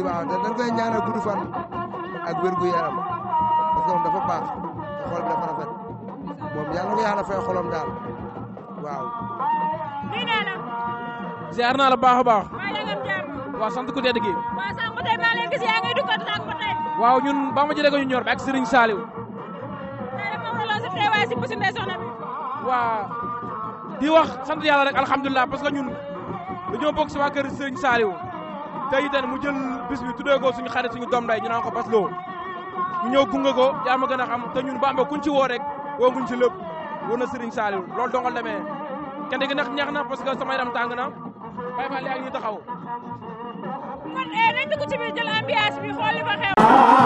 Sëñ Ba da dañ koy ñaanal gudd fan ak wér gu yaram parce que moom dafa baax xol dafa rafet moom yàlla na yàlla fay xolam daal waaw. ziar naa la baax baax. waaw sant ku tedd gi. waaw ñun ba ma jëlee ko ñu ñor ba ak waaw di wax sant yàlla rek alhamdulilah parce que ñun dañoo bokk si waa kër te itam mu jël bis bi tuddee ko suñu xarit suñu doom day ñu naan ko Bass Lo ñu ñëw gunge ko gën a xam te ñun Bamba kuñ ci woo rek woo nguñ ci lépp woo na Serigne Saliou loolu dongal demee kenn gi nag ñeex na parce que sama yaram tàng na bay fa ñu taxaw kon eh, nañ dugg ci biir jël ambiance bi xool fa xew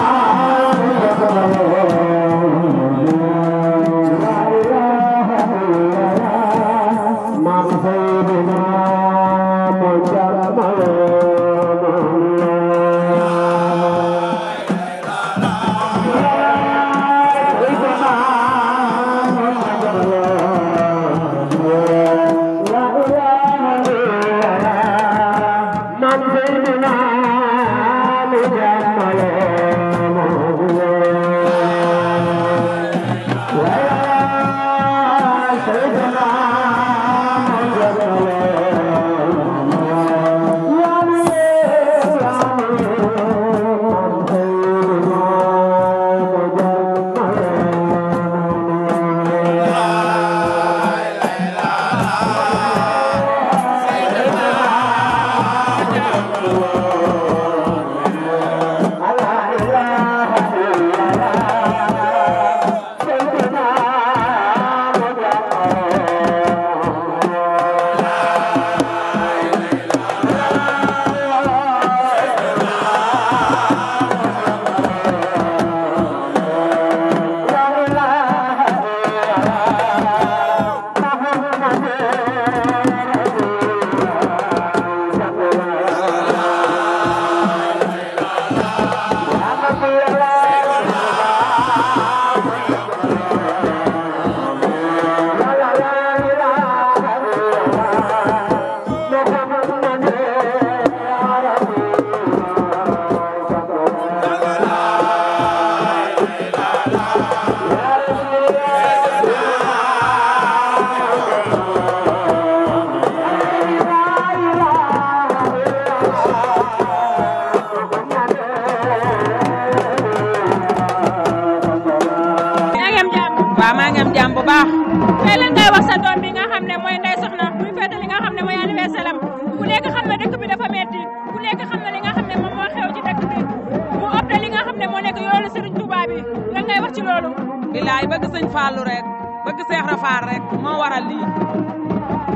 loolu bilaay bëgg sëñ Fallou rek bëgg Seex Rafaal rek moo waral lii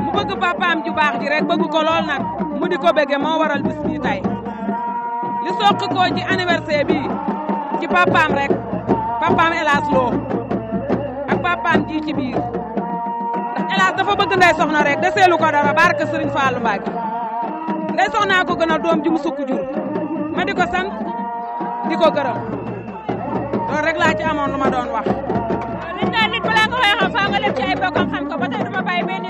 mu bëgg papaam ju ji rek bëgg ko nag mu di ko bëgge moo waral bis li soq ko ci anniversaire bi ci papaam rek papaam Elaas Loo ak papaam ji ci biir Elaas dafa bëgg ndey soxna rek deseelu ko dara barke Sëriñ Fallou Mbacke ndey soxnaa ko gën a doom ji mu di ko sant di ko gërëm loolu rek laa ci amoon lu ma doon wax. waaw liñ naan nit balaa nga koy xam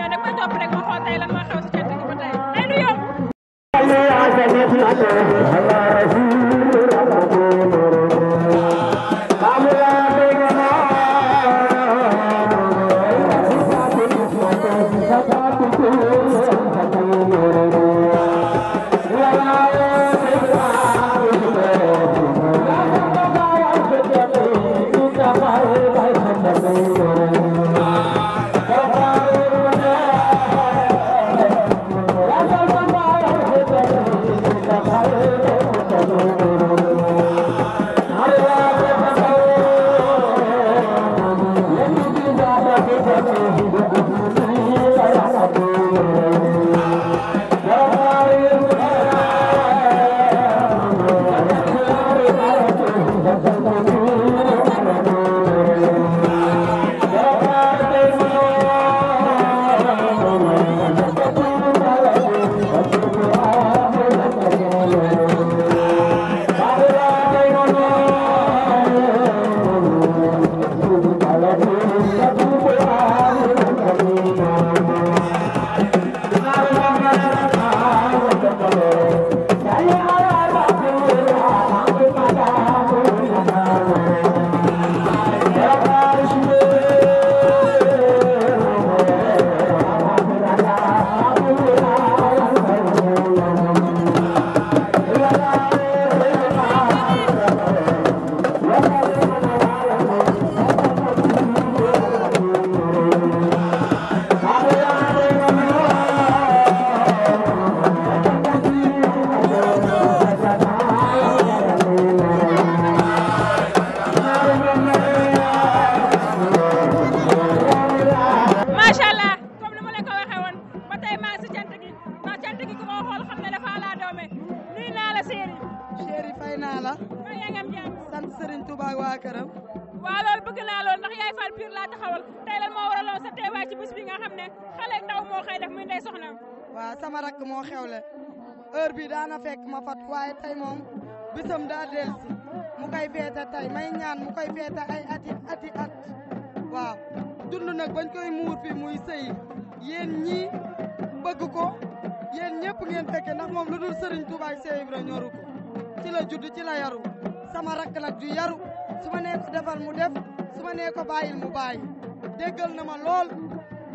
ay sama rakk moo xewle heure bi daana fekk ma fat waaye moom bisam daa delsi mu koy feete tey may ñaan mu koy feete ay ati ati at waaw dund nag bañ koy muur fi muy sëy yéen ñii bëgg ko yéen ñëpp ngeen fekke ndax moom lu dul sëriñ Touba ak Cheikh Ibra ñoru ko ci la judd la yaru sama rakk nag du yaru su ma ko defal mu def su ma nee ko bàyyil mu bàyyi déggal na ma lool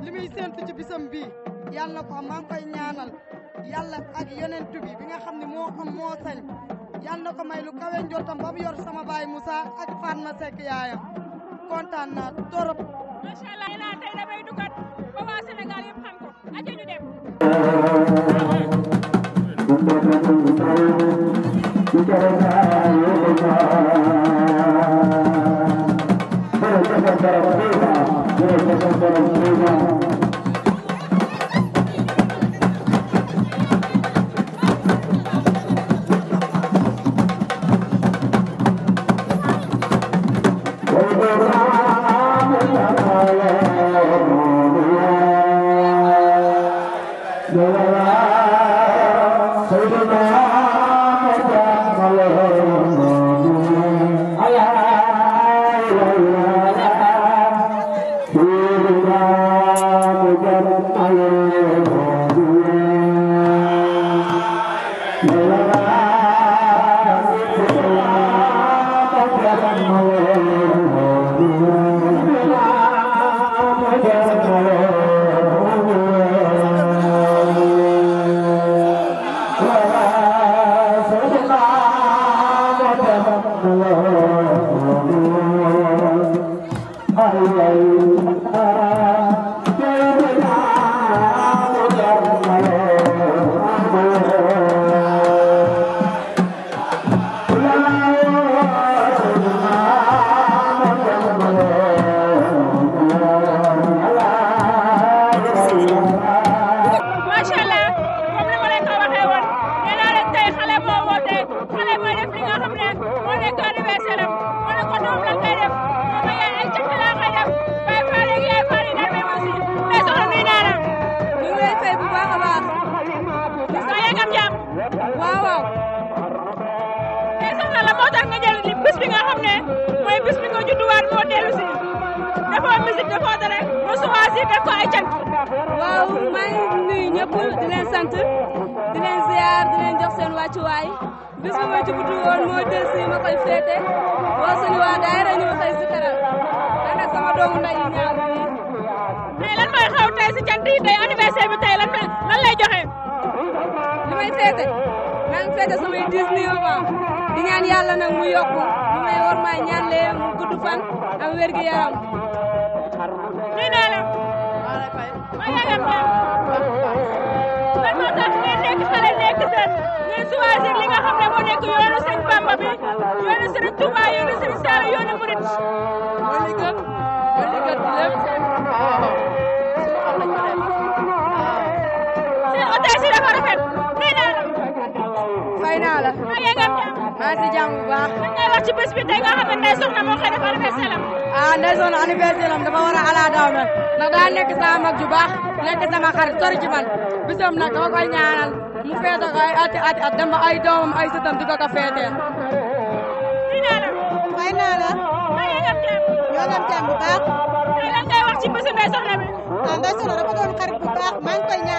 li muy séentu ci bisam bii yàlla ko maa ngi koy ñaanal yàlla ak yonent bi bi nga xam ne moo xam moo sañ yàlla ko may lu kawe njottam yor sama baay Moussa ak Fatma Seck yaayam kontaan naa torop. macha allah a tey damay dugat ba waa Sénégal yëpp xam ko aja dem. teg ko ay cant. waaw maa ngi nuyu ñëpp di leen sant di leen ziar di leen jox seen wàccuwaay bis bu ma ci gudd woon moo del si ma koy féete woo suñu waa daayira ñu ma koy zikaral man ak sama doomu nday yi ñaaw yi. tey lan mooy xaw tey si cant yi tey anniversaire bi tey lan lan lay joxe. li may féete maa ngi féete samay 19 ans di ñaan yàlla nag mu yokku li may war maa ñaan lee mu gudd fan am wér-gu-yaram. nuyu naa la. lan moo tax ngeen nekk xale nekk seen ngeen choisir li nga xam ne moo nekk yoonu sëñ Bamba bi yoonu sëriñ Touba yoonu sëriñ Saara yoonu murit moo li gën moo li gën lépp seen otage yi dafa rafet fay naa la fay naa la maa ngi ngeen jàmm maa ngi si jàmm bu baax lan ngay wax ci bés bi tey nga xam ne ndey soxna moo koy def anniversaire am ah ndey soxna anniversaire am dafa war a ala daaw mel ndax daa nekk sama mag ju baax nekk sama xarit sori ci man bisam koy ñaanal mu feete ko ay at dem ay doomam ay sëtam ko ko